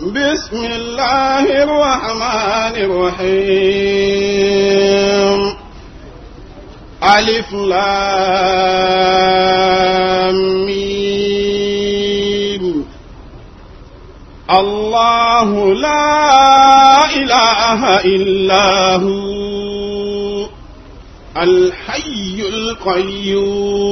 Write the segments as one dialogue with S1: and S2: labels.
S1: بسم الله الرحمن الرحيم ألف لام الله لا إله إلا هو الحي القيوم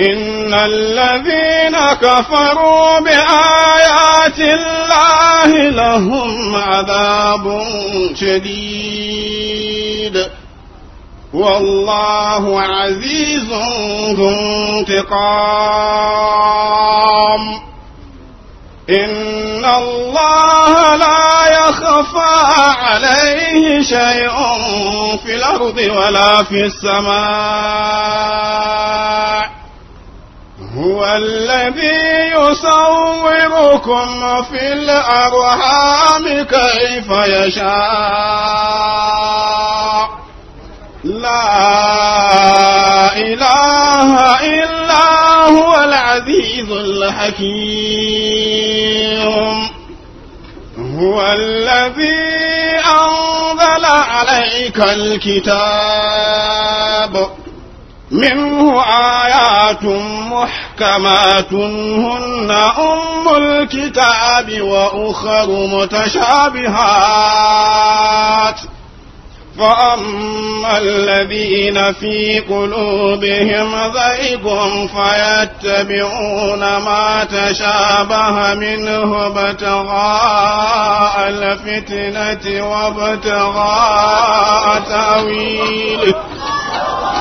S1: إن الذين كفروا بآيات الله لهم عذاب شديد والله عزيز ذو انتقام إن الله لا يخفى عليه شيء في الأرض ولا في السماء هو الذي يصوركم في الأرحام كيف يشاء لا إله إلا هو العزيز الحكيم هو الذي أنزل عليك الكتاب منه آيات محكمة تنهن أم الكتاب وأخر متشابهات فأما الذين في قلوبهم ضيق فيتبعون ما تشابه منه ابتغاء الفتنة وابتغاء تأويله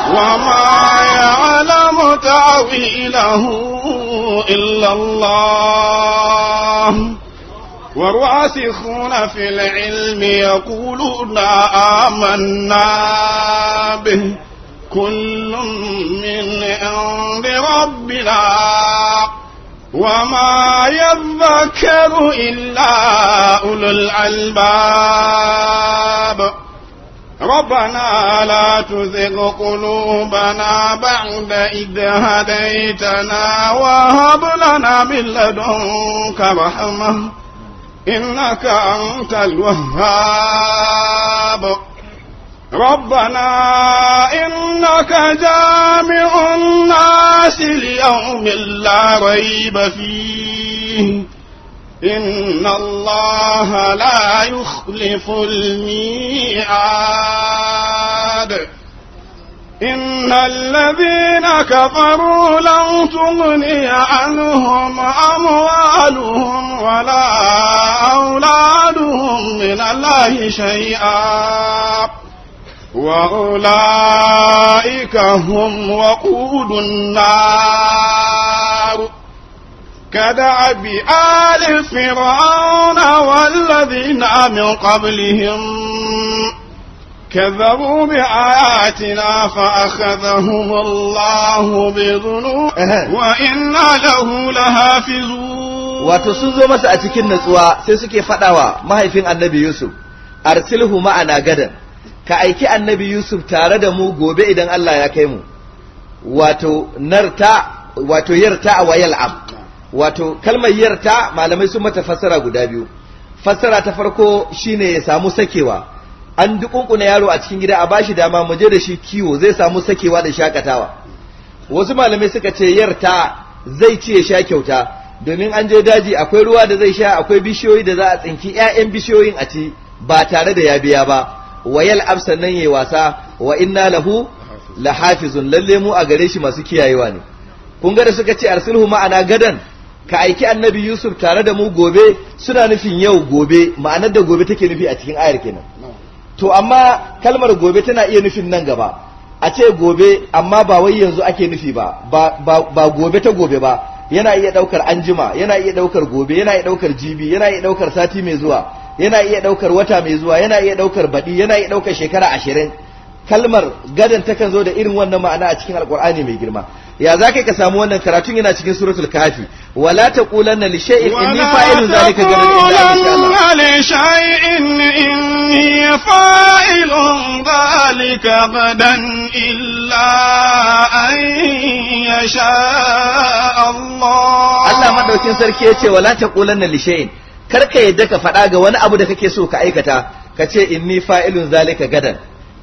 S1: وما يعلم تأويله إلا الله والراسخون في العلم يقولون آمنا به كل من عند ربنا وما يذكر إلا أولو الألباب ربنا لا تزغ قلوبنا بعد إذ هديتنا وهب لنا من لدنك رحمة إنك أنت الوهاب ربنا إنك جامع الناس ليوم لا ريب فيه إن الله لا يخلف الميعاد إن الذين كفروا لن تغني عنهم أموالهم ولا أولادهم من الله شيئا وأولئك هم وقود النار كدعب آل فرعون والذين من قبلهم كذبوا بآياتنا فأخذهم الله بذنوب وإن له
S2: لهافزون wato sun zo masa a cikin natsuwa sai suke faɗawa mahaifin annabi Yusuf arsilhu ma'ana gadan ka aiki annabi Yusuf tare da mu gobe idan Allah ya kai mu wato narta wato yarta wa yal'am wato kalmar yarta malamai sun mata fassara guda biyu fassara ta farko shine ya samu sakewa an dukunkuna yaro a cikin gida a bashi dama mu je da shi kiwo zai samu sakewa da shakatawa wasu malamai suka ce yarta zai ci ya sha kyauta domin an je daji akwai ruwa da zai sha akwai bishiyoyi da za a tsinki ƴaƴan bishiyoyin a ci ba tare da ya biya ba wayal absan nan yayi wasa wa inna lahu lahafizun lalle mu a gare shi masu kiyayewa ne kun ga da suka ce arsulhu ma'ana gadan ka aiki annabi yusuf tare da mu gobe suna nufin yau gobe ma'anar da gobe take nufi a cikin ayar kenan to amma kalmar gobe tana iya nufin nan gaba a ce gobe amma ba wai yanzu ake nufi ba ba gobe ta gobe ba yana iya daukar anjima yana iya daukar gobe yana iya daukar jibi yana iya daukar sati mai zuwa yana iya daukar wata mai zuwa yana iya daukar baɗi yana iya daukar shekara ashirin kalmar gadan takan zo da irin wannan ma'ana a cikin alkur'ani mai girma ya za ka samu wannan karatun yana cikin suratul kafi ولا تقولن لشيء إني فاعل ذلك غدا إن شاء الله ولا لشيء
S1: إني فاعل ذلك غدا إلا أن يشاء الله
S2: الله ما دوكين سركي يتي ولا تقولن لشيء karka يدك ka faɗa ga wani abu da kake so ka aikata ka ce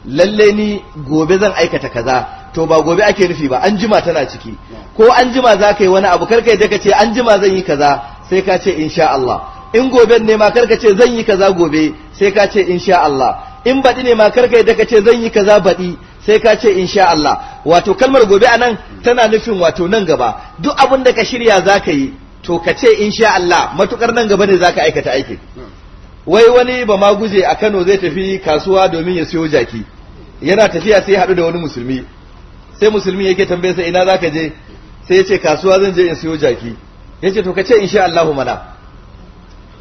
S2: lalle ni gobe zan aikata kaza to ba gobe ake nufi ba an jima tana ciki ko an jima za ka yi wani abu ka yi ka ce an jima zan yi kaza sai ka ce insha Allah in gobe ne ma karka ce zan yi kaza gobe sai ka ce insha Allah in baɗi ne ma karka yi ka ce zan yi kaza baɗi sai ka ce insha Allah wato kalmar gobe a nan tana nufin wato nan gaba duk abun da ka shirya za ka yi to ka ce insha Allah matukar nan gaba ne za ka aikata aikin wai wani ba ma guje a Kano zai tafi kasuwa domin ya siyo jaki yana tafiya sai haɗu da wani musulmi sai musulmi yake tambaye sa ina zaka je sai ya ce kasuwa zan je in siyo jaki yace to ka ce insha Allah mana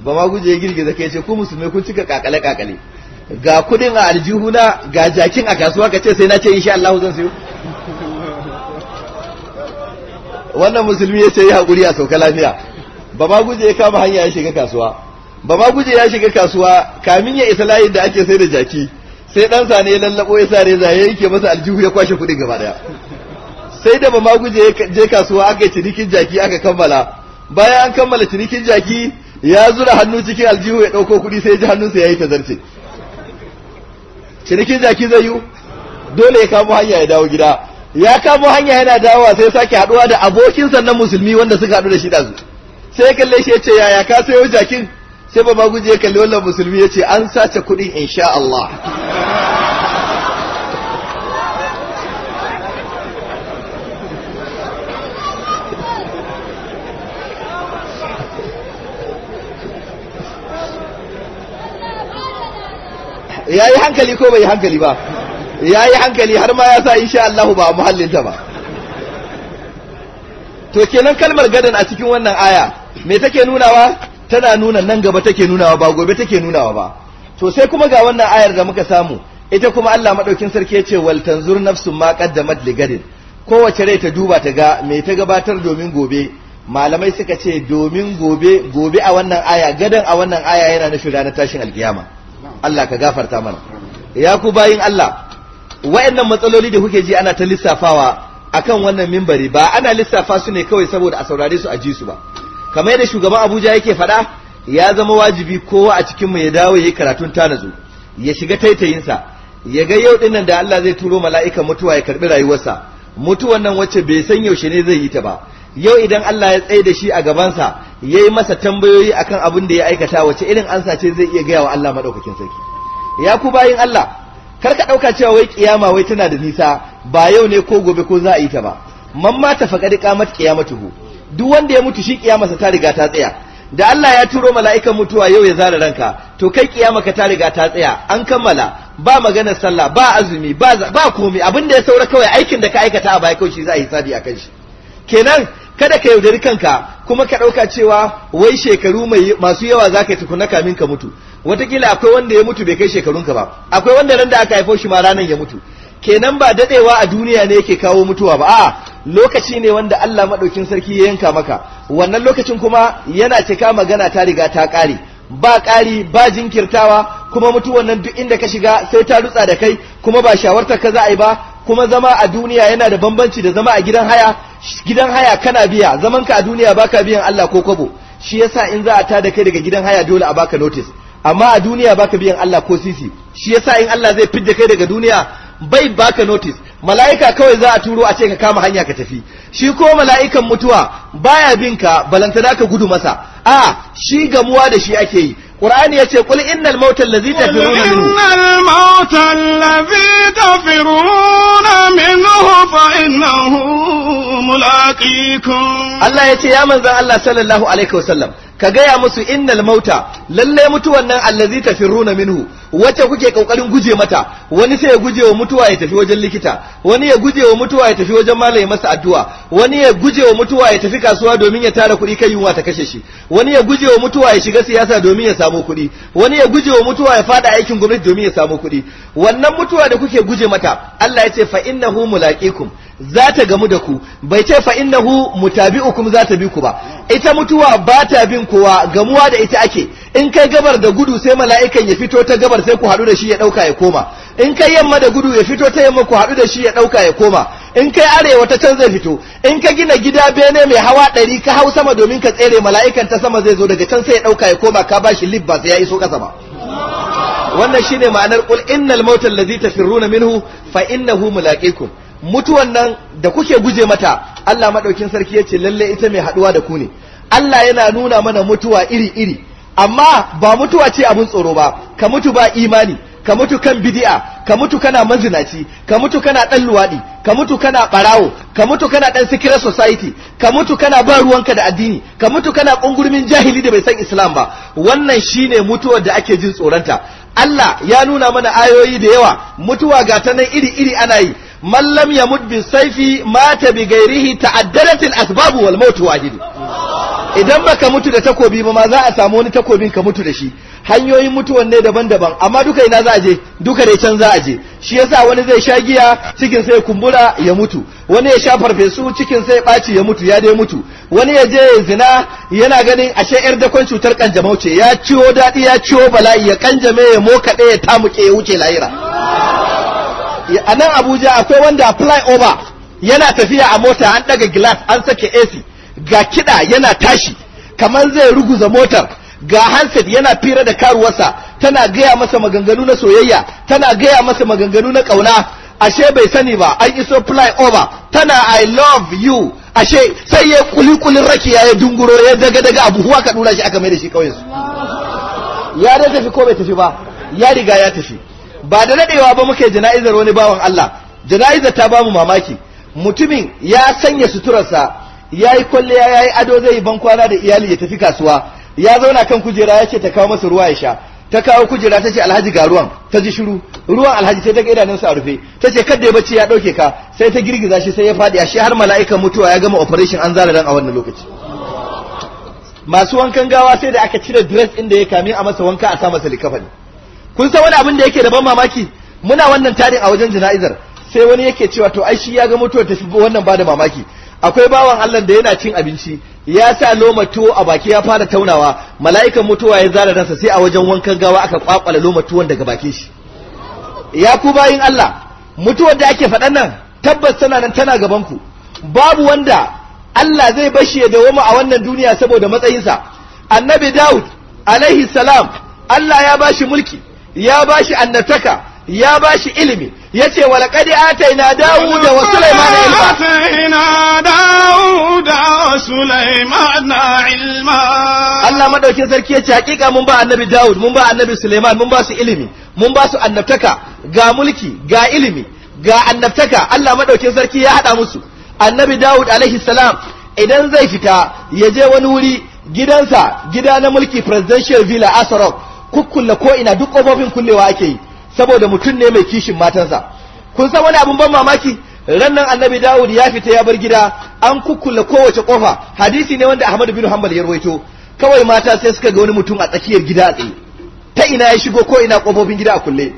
S2: ba ma guje ya girgiza kai ce ku musulmi kun cika kakale kakale ga kudin a aljihuna ga jakin a kasuwa ka ce sai na ce insha Allah zan siyo wannan musulmi ya ce yi haƙuri a sauka lafiya ba ma guje ya kama hanya ya shiga kasuwa ba ma guje ya shiga kasuwa kamin ya isa layin da ake sai da jaki sai ɗansa ne ya lallabo ya sare zaye yake masa aljihu ya kwashe kuɗin gaba daya sai da ba ma guje je kasuwa aka yi cinikin jaki aka kammala bayan an kammala cinikin jaki ya zura hannu cikin aljihu ya ɗauko kuɗi sai ji hannunsa ya yi tazarce cinikin jaki zai yi dole ya kamo hanya ya dawo gida ya kamo hanya yana dawowa sai sake haɗuwa da abokin na musulmi wanda suka haɗu da shi ɗazu sai ya kalle shi ya ce yaya ka sayo jakin sai ba maguje ya kalli wannan musulmi ya ce an sace in insha Allah ya yi hankali ko bai hankali ba ya yi hankali har ma ya sa insha Allah ba a muhallinta ba to kenan kalmar gadon a cikin wannan aya me take nunawa tana nuna nan gaba take nunawa ba gobe take nunawa ba to sai kuma ga wannan ayar da muka samu ita kuma Allah madaukin sarki ya ce wal tanzur nafsun ma qaddamat gadin kowace rai ta duba ta ga me ta gabatar domin gobe malamai suka ce domin gobe gobe a wannan aya gadan a wannan aya yana nufin ranar tashin alkiyama Allah ka gafarta mana ya ku bayin Allah wayannan matsaloli da kuke ji ana ta lissafawa akan wannan mimbari ba ana lissafa su ne kawai saboda a saurare su a ji su ba kamar yadda shugaban Abuja yake faɗa ya zama wajibi kowa a cikin mu ya dawo yayi karatun tanazu ya shiga taitayinsa ya ga yau dinnan da Allah zai turo mala'ikan mutuwa ya karbi rayuwarsa mutuwan nan wacce bai san yaushe ne zai yi ta ba yau idan Allah ya tsaye da shi a gaban sa yayi masa tambayoyi akan abin da ya aikata wacce irin ansa ce zai iya gaya wa Allah madaukakin sarki ya ku bayin Allah kar ka ɗauka cewa wai kiyama wai tana da nisa ba yau ne ko gobe ko za a yi ta ba man ma ta faƙaɗi ƙamat kiyamatu duk wanda ya mutu shi kiyamarsa ta riga ta tsaya da Allah ya turo mala'ikan mutuwa yau ya zara ranka to kai kiyamarka ta riga ta tsaya an kammala ba maganar sallah ba azumi ba ba komai abin da ya saura kawai aikin da ka aikata a baya kawai za a hisabi akan shi kenan kada ka yaudari kanka kuma ka ɗauka cewa wai shekaru mai masu yawa za ka yi tukuna kamin ka mutu wataƙila akwai wanda ya mutu bai kai shekarunka ba akwai wanda ran da aka haifo shi ma ranar ya mutu kenan ba dadewa a duniya ne yake kawo mutuwa ba a'a lokaci ne wanda Allah madaukin sarki ya yanka maka wannan lokacin kuma yana cika magana ta riga ta kare ba kari ba jinkirtawa kuma mutuwan nan duk inda ka shiga sai ta rutsa da kai kuma ba shawartar ka za a yi ba kuma zama a duniya yana da bambanci da zama a gidan haya gidan haya kana biya zaman ka a duniya baka biyan Allah ko kwabo shi yasa in za a tada kai daga gidan haya dole a baka notice amma a duniya baka biyan Allah ko sisi shi yasa in Allah zai fidda kai daga duniya bai baka notice mala'ika kawai za a turo a ce ka kama hanya ka tafi shi ko mala'ikan mutuwa baya binka ka balantana ka gudu masa a shi gamuwa da shi ake yi qur'ani yace qul innal mauta allazi tafiruna minhu innal mauta allazi
S1: tafiruna
S2: minhu fa innahu mulaqikum Allah yace ya manzon Allah sallallahu alaihi wasallam ka gaya musu innal mauta lalle mutuwan nan allazi tafiruna minhu wacce kuke kokarin guje mata wani sai ya guje wa mutuwa ya tafi wajen likita wani ya guje wa mutuwa ya tafi wajen malami masa addu'a wani ya guje wa mutuwa ya tafi kasuwa domin ya tara kuɗi kai yunwa ta kashe shi wani ya guje wa mutuwa ya shiga siyasa domin ya samu kuɗi wani ya guje wa mutuwa ya fada aikin gwamnati domin ya samu kuɗi wannan mutuwa da kuke guje mata Allah ya ce fa innahu mulaqikum za ta gamu da ku bai ce fa innahu mutabi'ukum za ta bi ku ba ita mutuwa ba ta bin kowa gamuwa da ita ake in kai gabar da gudu sai mala'ikan ya fito ta gabar sai ku hadu da shi ya ɗauka ya koma in kai yamma da gudu ya fito ta yamma ku hadu da shi ya ɗauka ya koma in kai arewa ta can zai fito in ka gina gida bene mai hawa ɗari ka hau sama domin ka tsere mala'ikan ta sama zai zo daga can sai ya ɗauka ya koma ka bashi lib ba sai ya iso kasa ba wannan shine ma'anar qul innal mautal ladzi tafirruna minhu fa innahu mulaqikum mutuwan nan da kuke guje mata Allah maɗaukin sarki yace lalle ita mai haɗuwa da ku ne Allah yana nuna mana mutuwa iri iri amma ba mutuwa ce abin tsoro ba ka mutu ba imani ka mutu kan bidi'a. ka mutu kana mazinaci. ka mutu kana ɗan luwaɗi. ka mutu kana barawo ka mutu kana ɗan sikirar society ka mutu kana ba ruwanka da addini ka mutu kana kungurmin jahili da bai san islam ba wannan shine mutuwar da ake jin tsoronta Allah ya nuna mana ayoyi da yawa mutuwa ga ta nan iri iri ana yi man lam yamut bi saifi mata bi gairihi ta'addadat al idan baka mutu da takobi ba ma za a samu wani takobin ka mutu da shi hanyoyin mutuwan ne daban-daban amma duka ina za a je duka dai can za a je shi yasa wani zai sha giya cikin sai kumbura ya mutu wani ya sha farfesu cikin sai ɓaci ya mutu ya dai mutu wani ya je ya zina yana ganin ashe yar dakon cutar kanjamau ce ya ciwo daɗi ya ciwo bala'i ya kanjame ya mokaɗe ya tamuke ya wuce lahira a nan abuja akwai wanda over yana tafiya a mota an daga glass an sake ac ga kiɗa yana tashi kamar zai ruguza motar ga handset yana fira da karuwarsa tana gaya masa maganganu na soyayya tana gaya masa maganganu na ƙauna ashe bai sani ba an iso fly over tana i love you ashe sai ya kulikulin rakiya ya dunguro ya daga daga abu huwa ka dura shi aka mai da shi su ya dai tafi ko bai tafi ba ya riga ya tafi ba da daɗewa ba muke jana'izar wani bawan Allah jana'izar ta bamu mamaki mutumin ya sanya suturarsa ya yi kwalliya ya yi ado zai yi bankwana da iyali ya tafi kasuwa ya zauna kan kujera ya ce ta kawo masa ruwa ya sha ta kawo kujera ta ce alhaji ga ruwan ta ji shiru ruwan alhaji sai ta ga idanunsa a rufe ta ce kadda ya bacci ya ɗauke ka sai ta girgiza shi sai ya faɗi a shi har mala'ikan mutuwa ya gama operation an zara dan a wannan lokaci masu wankan gawa sai da aka cire dress ɗin da ya kame a masa wanka a sa masa likafani kun san wani abin da yake da ban mamaki muna wannan tarin a wajen jana'izar sai wani yake cewa to ai shi ya ga mutuwar tafi wannan ba da mamaki akwai bawan Allah da yana cin abinci ya sa loma tuwo a baki ya fara taunawa mala'ikan mutuwa ya zara ransa sai a wajen wankan gawa aka kwakwala loma tuwon daga baki shi ya ku bayin Allah mutuwar da ake faɗan nan tabbas tana nan tana gaban ku babu wanda Allah zai bashi ya dawoma a wannan duniya saboda matsayinsa annabi Dawud alaihi salam Allah ya bashi mulki ya ba shi annataka ya ba shi ilimi ya ce wa laƙadi ataina dawud wa da ilma ataina wa ilma Allah maɗaukin sarki yace hakika mun ba annabi dawud mun ba annabi Suleiman mun ba su ilimi mun ba su annabtaka ga mulki ga ilimi ga annabtaka Allah maɗaukin sarki ya haɗa musu annabi dawud alaihi salam idan zai fita ya je wani wuri gidansa gida na mulki presidential villa asarok kukkulla ko ina duk kofofin kullewa ake yi saboda mutum ne mai kishin matansa kun san wani abun ban mamaki rannan annabi Dawud ya fita ya bar gida an kukkulla kowace kofa hadisi ne wanda Ahmad bin Hanbal ya rawaito kawai mata sai suka ga wani mutum a tsakiyar gida a tsaye ta ina ya shigo ko ina kofofin gida a kulle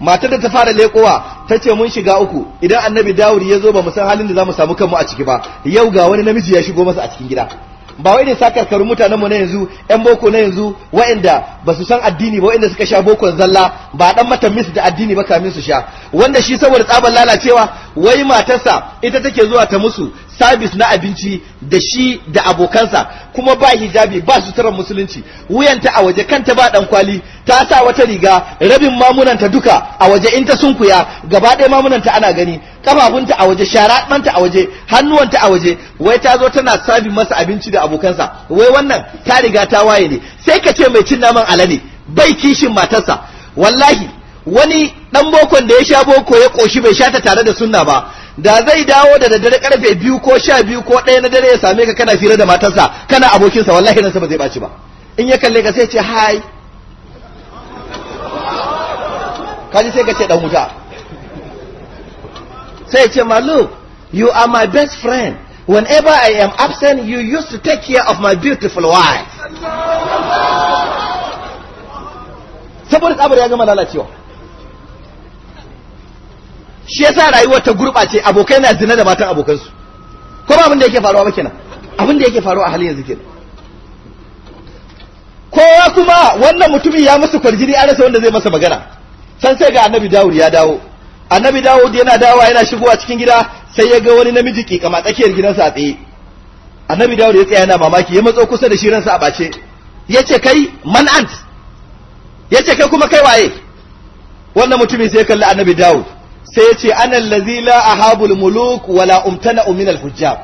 S2: matar da ta fara lekowa ta ce mun shiga uku idan annabi Dawud ya zo ba mu san halin da za mu samu kanmu a ciki ba yau ga wani namiji ya shigo masa a cikin gida ba wai irin karu mutanen mu na yanzu yan boko na yanzu waɗanda ba su san addini ba waɗanda suka sha boko zalla ba dan mata mis da addini ba kamin su sha wanda shi saboda tsaban lalacewa wai matarsa ita take zuwa ta musu sabis na abinci da shi da abokansa kuma ba hijabi ba suturar musulunci wuyanta a waje kanta ba dan kwali ta sa wata riga rabin mamunanta duka a waje in ta sunkuya gaba ɗaya mamunanta ana gani kafafunta a waje sharaɗanta a waje hannuwanta a waje wai ta zo tana sabi masa abinci da abokansa wai wannan ta riga ta waye ne sai ka ce mai cin naman alade bai kishin matarsa wallahi wani dan bokon da ya sha boko ya koshi bai sha ta tare da sunna ba da zai dawo da daddare karfe biyu ko sha biyu ko ɗaya na dare ya same ka kana fira da matarsa kana abokinsa wallahi nan ba zai ɓaci ba in ya kalle ka sai ce hai kaji sai ka ce dan wuta sai ce ma look you are my best friend whenever I am absent you used to take care of my beautiful wife saboda tsabar ya gama lalacewa shi yasa rayuwa ta gurɓace abokai na zina da matan abokansu ko ba abin da yake faruwa ba kenan abin da yake faruwa a halin yanzu kenan kowa kuma wannan mutumin ya musu kwarjini an rasa wanda zai masa magana san sai ga annabi dawud ya dawo annabi dawud yana dawa yana shigowa cikin gida sai ya ga wani namiji ke kama tsakiyar gidansa a tsaye annabi dawud ya tsaya yana mamaki ya matso kusa da shi ransa a bace ya ce kai man ant ya ce kai kuma kai waye wannan mutumin sai ya kalli annabi dawud sai ya ce anan allazi la ahabul muluk wala umtana min al hujjab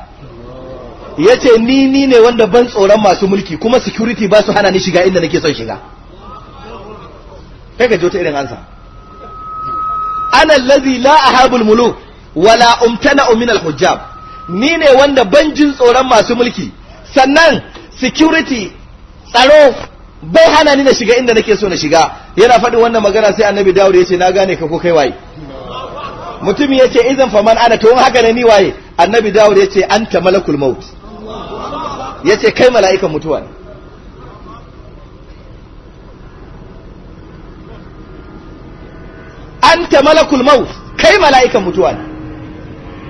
S2: ya ce ni ni ne wanda ban tsoron masu mulki kuma security ba su hana ni shiga inda nake son shiga kai ka ji irin ansa ana lazi la ahabul muluk wala umtana min al-hujjab ni ne wanda ban jin tsoron masu mulki sannan security tsaro bai hana ni na shiga inda nake so na shiga yana faɗin wannan magana sai annabi Dawud ya ce na gane ka ko kai waye mutum ya ce idan faman ana to haka ne ni waye annabi Dawud ya ce anta malakul maut ya ce kai mala'ikan mutuwa ne anta malakul maut kai mala'ikan mutuwa ne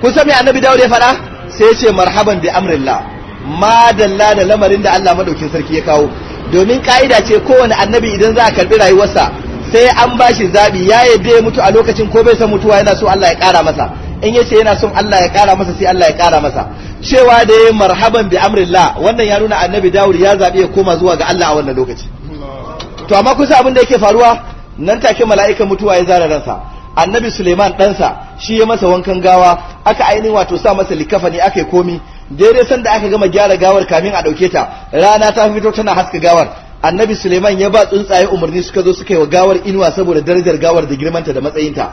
S2: kun san me annabi dawud ya faɗa sai ya ce marhaban bi amrillah madalla da lamarin da Allah madaukin sarki ya kawo domin ka'ida ce kowane annabi idan za a karbi rayuwarsa sai an bashi shi zabi ya yadda ya mutu a lokacin ko bai san mutuwa yana so Allah ya kara masa in ya yace yana son Allah ya kara masa sai Allah ya kara masa cewa da yayin marhaban bi amrillah wannan ya nuna annabi Dawud ya zabi ya koma zuwa ga Allah a wannan lokaci to amma kusa abin da yake faruwa nan take mala'ika mutuwa ya zara ransa annabi suleiman ɗansa shi ya masa wankan gawa aka ainihin wato sa masa likafani aka yi komi daidai sanda aka gama gyara gawar kamin a ɗauke ta rana ta fito tana haska gawar annabi suleiman ya ba tsuntsaye umarni suka zo suka yi wa gawar inuwa saboda darajar gawar da girmanta da matsayinta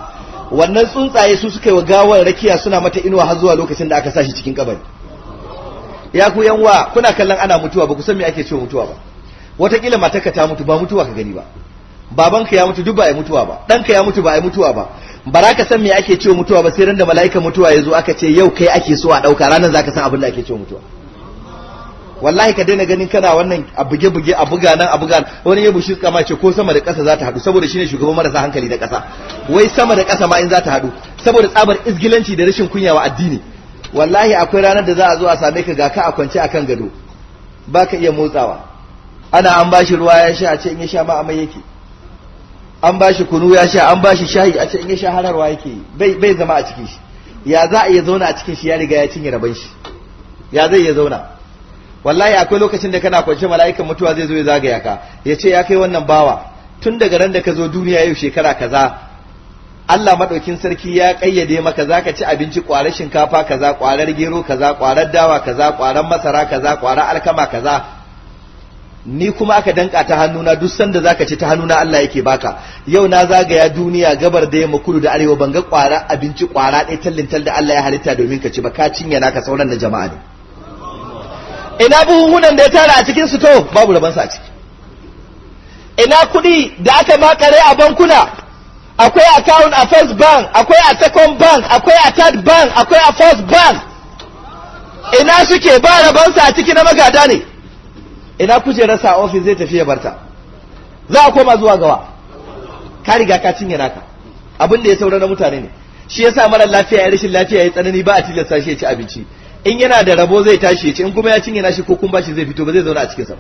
S2: wannan tsuntsaye su suka yi wa gawar rakiya suna mata inuwa har zuwa lokacin da aka sa shi cikin kabari ya ku yanwa kuna kallon ana mutuwa ba ku san me ake cewa mutuwa ba watakila mataka ta mutu ba mutuwa ka gani ba babanka ya mutu duk ba ya mutuwa ba ɗanka ya mutu ba ya mutuwa ba ba za ka san me ake cewa mutuwa ba sai ran da mala'ika mutuwa ya zo aka ce yau kai ake so a ɗauka ranan za san abin da ake cewa mutuwa wallahi ka daina ganin kana wannan a buge buge a buga nan a buga wani ya bushi kama ce ko sama da ƙasa za ta haɗu saboda shine shugaban marasa hankali da ƙasa wai sama da ƙasa ma in za ta haɗu saboda tsabar izgilanci da rashin kunya wa addini wallahi akwai ranar da za a zo a same ka ga ka a kwance akan gado baka iya motsawa ana an bashi ruwa ya sha a ce in ya sha ma amai yake an ba shi kunu ya sha an ba shi shayi a ce in ya sha hararwa yake bai zama a cikin shi ya za a iya zauna a cikin shi ya riga ya cinye rabin shi ya zai iya zauna wallahi akwai lokacin da kana kwance mala'ikan mutuwa zai zo ya zagaya ka ya ce ya kai wannan bawa tun daga ran da ka zo duniya yau shekara kaza Allah madaukin sarki ya kayyade maka zaka ci abinci kwarar shinkafa kaza kwarar gero kaza kwarar dawa kaza kwarar masara kaza kwarar alkama kaza ni kuma aka danka ta hannuna duk sanda zaka ci ta hannuna Allah yake baka yau na zagaya duniya gabar da yamma kudu da arewa banga kwara abinci kwara ɗaya tallintal da Allah ya halitta domin ka ci ba ka cinye naka sauran da jama'a ne ina buhunan da ya tara a cikin su to babu raban sa a ciki ina kuɗi da aka makare a bankuna akwai account a first bank akwai a second bank akwai a third bank akwai a first bank ina suke ba raban sa a ciki na magada ne ina kujerarsa a ofis zai tafi ya barta za a koma zuwa gawa ka riga ka cinye naka abin da ya saura na mutane ne shi yasa mara lafiya ya rashin lafiya ya tsanani ba a tilasta shi ya ci abinci in yana da rabo zai tashi ya ci in kuma ya cinye nashi ko kun bashi zai fito ba zai zauna a cikin sa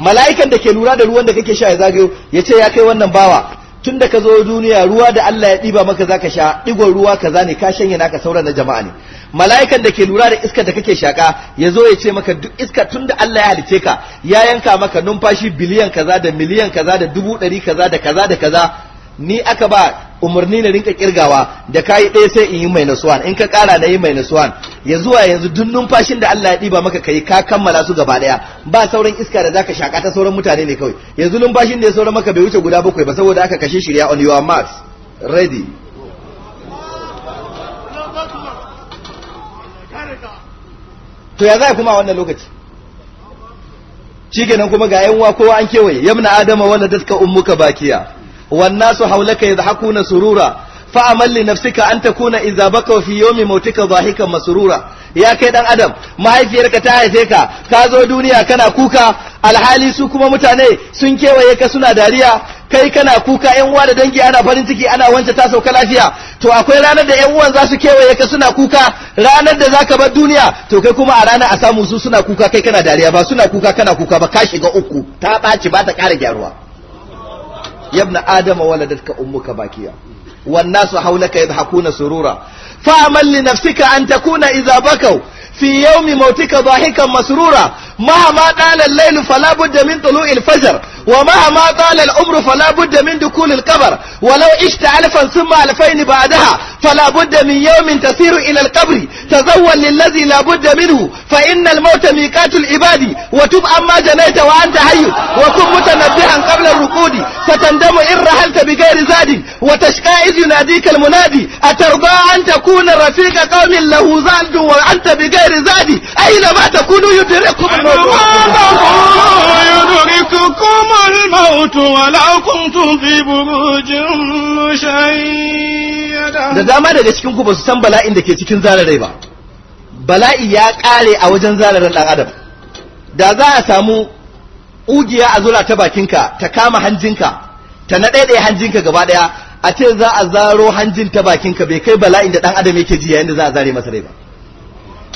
S2: mala'ikan da ke lura da ruwan da kake sha ya zagayo ya ce ya kai wannan bawa tun da ka zo duniya ruwa da Allah ya ɗiba maka za sha ɗigon ruwa kaza ne ka shanye naka sauran na jama'a ne mala'ikan da ke lura da iska da kake shaka ya zo ya ce maka duk iska da Allah ya halice ka ya yanka maka numfashi biliyan kaza da miliyan kaza da dubu ɗari kaza da kaza da kaza ni aka ba umarni na rinka kirgawa da kayi ɗaya sai in yi mai in ka ƙara na yi mai nasuwan ya zuwa yanzu duk numfashin da Allah ya ɗiba maka kai ka kammala su gaba ɗaya ba sauran iska da zaka shaka ta sauran mutane ne kawai yanzu numfashin da ya sauran maka bai wuce guda bakwai ba saboda aka kashe shirya on your marks ready to ya za kuma a wannan lokaci shikenan kuma ga yanwa kowa an kewaye yamna adama wanda daska ummuka bakiya wan nasu haulaka yadhakuna surura fa amal li nafsika an takuna idza baka fi yawmi mautika dhahikan masrura ya kai dan adam mahaifiyarka ta haife ka ka zo duniya kana kuka alhali su kuma mutane sun kewaye ka suna dariya kai kana kuka yan uwa da dangi ana farin ciki ana wance ta sauka lafiya to akwai ranar da yan uwan za su kewaye ka suna kuka ranar da za ka bar duniya to kai kuma a rana a samu su suna kuka kai kana dariya ba suna kuka kana kuka ba ka shiga uku ta ɓaci ba ta ƙara gyaruwa yabna adama waladatka ummuka bakiya والناس حولك yadhakuna surura. فأمل لنفسك أن تكون إذا بكوا في يوم موتك ضاحكا مسرورا مهما طال الليل فلا بد من طلوع الفجر ومهما طال العمر فلا بد من دخول القبر ولو عشت ألفا ثم ألفين بعدها فلا بد من يوم تسير إلى القبر تزول للذي لابد منه فإن الموت ميقات العباد وتب أما جنيت وأنت حي وكن متنبها قبل الركود فتندم إن رحلت بغير زاد وتشكى إذ يناديك المنادي أترضى أن تكون رفيق قوم له زاد وأنت بغير زاد أينما تكون يدرككم الموت يحدكم الموت ولو كنتم في بروج مشيدة da dama daga cikinku basu san bala'in da ke cikin zararai ba bala'i ya kare a wajen zararin dan adam da za a samu ugiya a zura ta bakinka ta kama hanjinka ta na hanjinka gaba a ce za a zaro hanjin ta bakinka bai kai bala'in da ɗan adam yake ji yayin da za a zare masa rai ba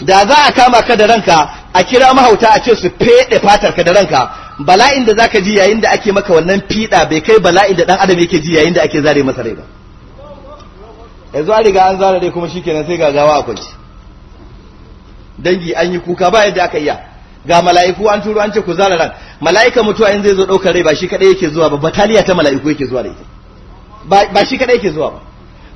S2: da za a kama ka da ranka a kira mahauta a ce su feɗe fatar ka da ranka bala'in da zaka ji yayin da ake maka wannan fiɗa bai kai bala'in da dan adam yake ji yayin da ake zare masa rai ba yanzu an riga an zare rai kuma shikenan sai gagawa a kwanci dangi an yi kuka ba yadda aka iya ga mala'iku an turo an ce ku zare ran mala'ika mutuwa in zai zo daukar rai ba shi kadai yake zuwa ba bataliya ta mala'iku yake zuwa da ita ba shi kadai yake zuwa ba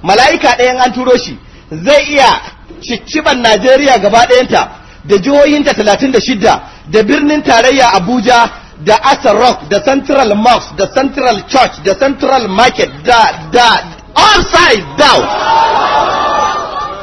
S2: mala'ika ɗaya an turo shi zai iya cicciban najeriya gaba ɗayanta da jihohinta talatin da shidda da birnin tarayya abuja da Asar Rock da Central Mosque da Central Church da Central Market da da all sides down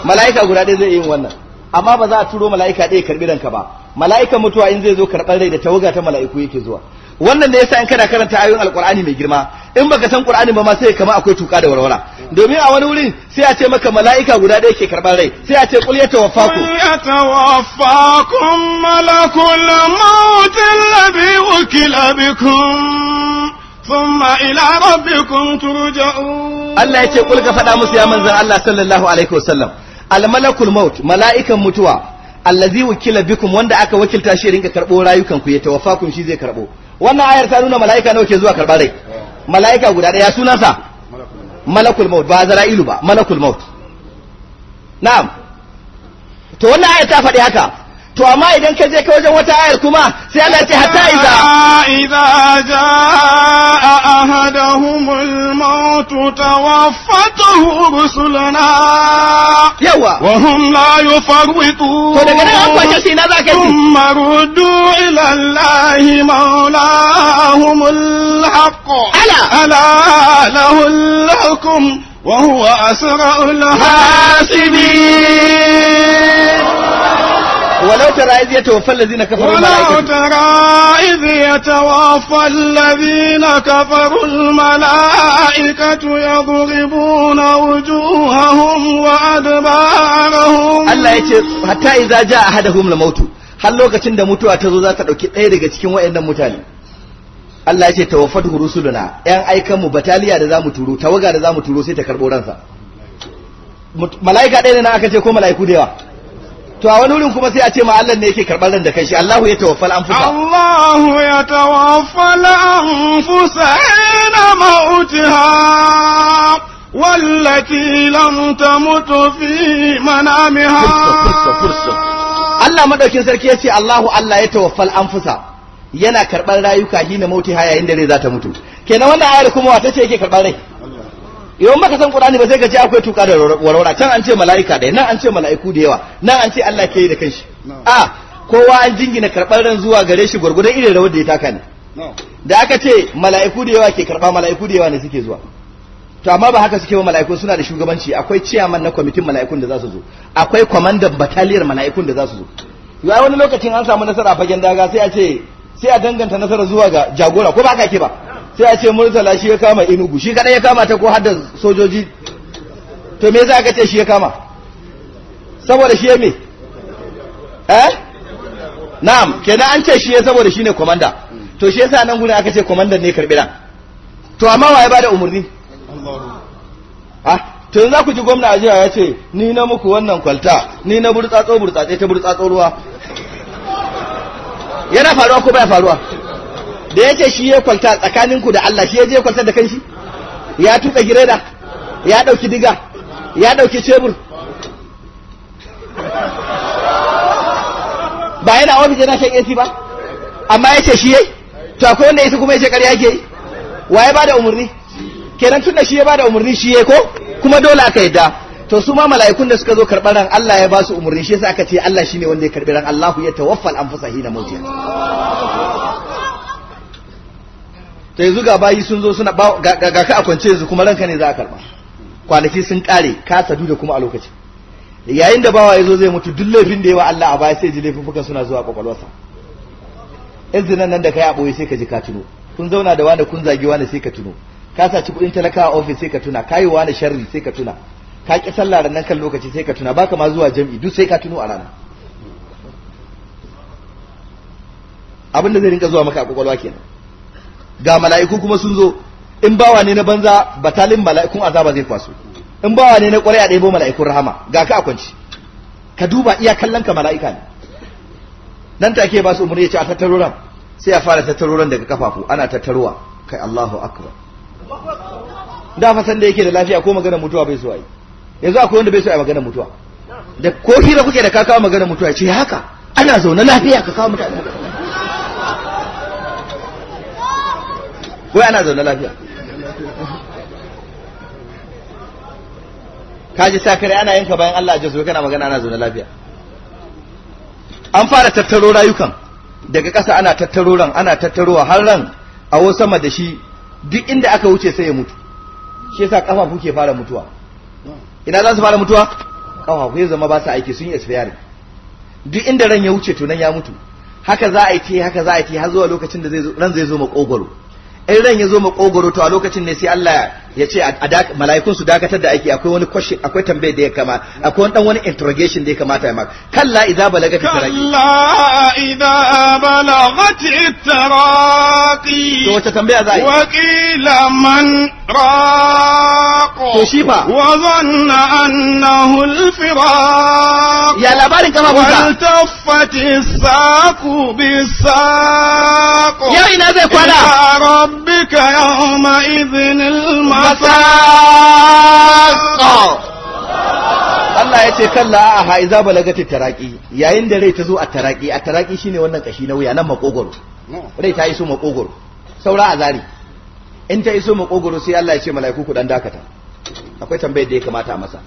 S2: mala'ika guda ɗaya zai yin wannan amma ba za a turo mala'ika ɗaya karɓi danka ba mala'ika mutuwa in zai zo karɓar rai da tawaga ta mala'iku yake zuwa wannan ne yasa in kana karanta ayoyin alqur'ani mai girma in baka san qur'ani ba ma sai kama akwai tuka da warwara domin a wani wurin sai a ce maka mala'ika guda ɗaya ke karban rai sai a ce qul yatawaffakum qul yatawaffakum
S1: malakul maut alladhi ukila
S2: bikum
S1: thumma ila rabbikum
S2: turja'un Allah yace qul ka faɗa musu ya manzon Allah sallallahu alaihi wasallam al malakul maut mala'ikan mutuwa allazi wukila bikum wanda aka wakilta shi rinka karbo rayukan ku ya tawaffakum shi zai karbo wannan ayar ta nuna mala'ika nawa ke zuwa karɓar rai mala'ika guda ɗaya sunansa malakul maut ba zara'ilu ba malakul maut na'am to wannan ayar ta faɗi haka to amma idan ka je ka wajen wata ayar kuma sai Allah ce hatta iza iza jaa ahadahumul
S1: maut tawaffatuhu rusulana yawa wa hum la yufarritu to daga nan an kwace shi na zaka yi marudu ila allahi maulahumul haqq ala ala lahul hukum wa huwa asra'ul hasibin ولو ترى إذ يتوفى الذين كفروا الملائكة ولو ترى إذ يتوفى الذين كفروا الملائكة
S2: يضربون وجوههم وأدبارهم الله يتي حتى إذا جاء أحدهم الموت هل لو كتند متوى تزوزا تدوكي ɗaya daga cikin waɗannan mutane Allah ya ce tawaffatu rusuluna ƴan aikan bataliya da zamu turo tawaga da zamu turo sai ta karbo ransa mala'ika ɗaya ne na aka ce ko mala'iku da yawa to a wani wurin kuma sai a ce ma Allah ne yake karɓar ran da kanshi Allahu ya tawaffal anfusa
S1: Allahu
S2: ya tawaffal anfusa
S1: ina mautiha
S2: wallati lam tamut fi manamiha Allah madaukin sarki ya ce Allahu Allah ya tawaffal anfusa yana karɓar rayuka hina mautiha yayin da rai za ta mutu kenan wannan ayar kuma wata ce yake karɓar rai yawan baka san Qur'ani ba sai ka ce akwai tuka da warwara can an ce mala'ika da nan an ce mala'iku da yawa nan an ce Allah ke yi da kanshi a kowa an jingina karɓar ran zuwa gare shi gwargwadon irin rawar da ya taka ne da aka ce mala'iku da yawa ke karɓa mala'iku da yawa ne suke zuwa to amma ba haka suke ba mala'iku suna da shugabanci akwai ciyaman na kwamitin mala'ikun da za su zo akwai kwamandan bataliyar mala'ikun da za su zo yayi wani lokacin an samu nasara a fagen daga sai a ce sai a danganta nasara zuwa ga jagora ko ba haka ke ba sai a ce murtala shi ya kama inugu shi kadai ya kama ta ko har sojoji to me za ka ce shi ya kama saboda shi ya me eh na'am kenan an ce shi ya saboda shi ne komanda to shi ya sa nan gurin aka ce komandan ne karbi ran to amma waye bada umarni ah, to yanzu za ku ji gwamna a jiya ya ce ni na muku wannan kwalta ni na burtsatso burtsatse ta burtsatso ruwa yana faruwa ko baya faruwa da ce shi ya kwanta tsakanin ku da Allah shi ya je kwanta da kanshi ya tuka gireda ya dauki diga ya dauki cebur ba yana ofis yana shan AC ba amma yace shi yayi to akwai wanda yasa kuma yace ƙarya yake yi waye ba da umarni kenan tunda shi ya ba da umurni shi yayi ko kuma dole aka yadda to su ma mala'ikun da suka zo karɓar ran Allah ya ba su umarni shi yasa aka ce Allah shine wanda ya karɓi ran Allahu ya tawaffal anfusa hina mautiha to yanzu ga bayi sun zo suna ga ka a kwance yanzu kuma ranka ne za a karba kwanaki sun kare ka sadu da kuma a lokaci yayin da bawa ya zo zai mutu duk laifin da yawa Allah a baya sai ji laifuffukan suna zuwa kwakwalwarsa izinin nan da kai a boye sai ka ji ka tuno kun zauna da wani kun zagi wani sai ka tuno ka saci kudin talakawa ofis sai ka tuna kayi wani sharri sai ka tuna ka ki sallah nan kan lokaci sai ka tuna baka ma zuwa jami'i duk sai ka tuno a rana abin da zai rinka zuwa maka a kwakwalwa kenan ga mala'iku kuma sun zo in bawa ne na banza batalin mala'ikun azaba zai kwaso in bawa ne na kwarai a ɗebo mala'ikun rahama ga ka a kwanci ka duba iya kallon ka mala'ika ne nan take ba su umarni ya ce a tattaro ran sai ya fara tattaro ran daga kafafu ana tattaruwa kai Allahu akbar da fa san da yake da lafiya ko magana mutuwa bai so yi yanzu akwai wanda bai so yi magana mutuwa da ko hira kuke da ka kawo magana mutuwa ya ce haka ana zaune lafiya ka kawo mutuwa. ko ana zaune lafiya kaji sakare ana yanka bayan Allah ajiyar zuwa kana magana ana zaune lafiya an fara tattaro rayukan daga ƙasa ana tattaro ran ana tattaro har ran a wasu sama da shi duk inda aka wuce sai ya mutu shi yasa kafafu ke fara mutuwa ina za su fara mutuwa kafafu ya zama ba su aiki sun yi expiring duk inda ran ya wuce to nan ya mutu haka za a yi haka za a yi har zuwa lokacin da ran zai zo makogwaro in ran ya zo makogoro to a lokacin ne sai Allah ya ce mala'ikun su dakatar da aiki akwai wani question akwai tambaye da ya kama akwai dan wani interrogation da ya kamata ya maka kalla idza balagati taraqi
S1: kalla idza balagati taraqi to wace tambaya za a yi wa qila man raqo to shi fa wa zanna annahu al-firaq ya labarin kama buka ta taffati saqu bisaq ya ina zai kwana rabbika yawma idhnil ma
S3: Allah
S2: ya ce kalla a haiza iza balagati taraki yayin da rai ta zo a taraki a taraki shine wannan kashi na wuya nan makogoro rai ta iso makogoro saura a zari in ta iso makogoro sai Allah ya ce mala'iku ku dan dakata akwai tambayar da ya kamata a masa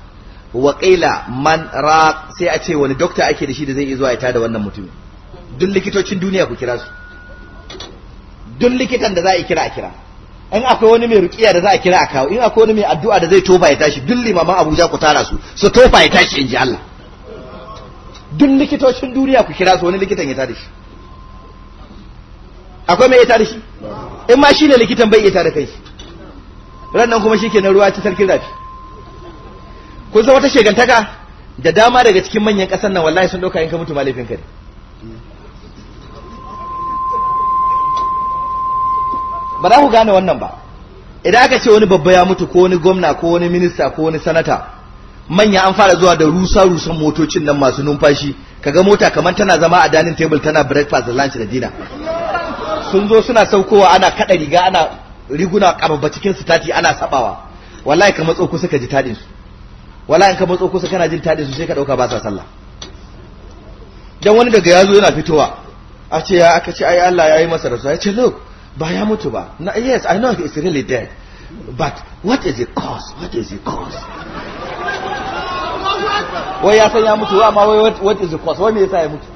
S2: wa qila man ra sai a ce wani dokta ake da shi da zai iya zuwa ya tada wannan mutumin duk likitocin duniya ku kira su duk likitan da za a kira a kira in akwai wani mai rukiya da za a kira a kawo in akwai wani mai addu'a da zai tofa ya tashi duk limaman Abuja ku tara su su tofa ya tashi in ji Allah duk likitocin duniya ku kira su wani likitan ya tada shi akwai mai ya tada shi in ma shi ne likitan bai ya tada kai ran nan kuma shikenan ruwa ci sarkin rafi kun san wata shegantaka da dama daga cikin manyan kasar nan wallahi sun dauka in ka mutu malafin ka ne ba za ku gane wannan ba idan aka ce wani babba ya mutu ko wani gwamna ko wani minista ko wani sanata manya an fara zuwa da rusa rusan motocin nan masu numfashi kaga mota kamar tana zama a dining table tana breakfast da lunch da dinner sun zo suna saukowa ana kada riga ana riguna kababba cikin su tati ana sabawa wallahi ka matso kusa ji tadin su wallahi in ka matso kusa kana jin tadin su sai ka dauka ba sa sallah dan wani daga yazo yana fitowa a ce ya aka ce ai Allah ya yi masa rasu ya ce look ba ya mutu ba na yes i know he's really dead but what is the cause what is the cause wai ya san ya mutu amma wai what is the cause wai me yasa ya mutu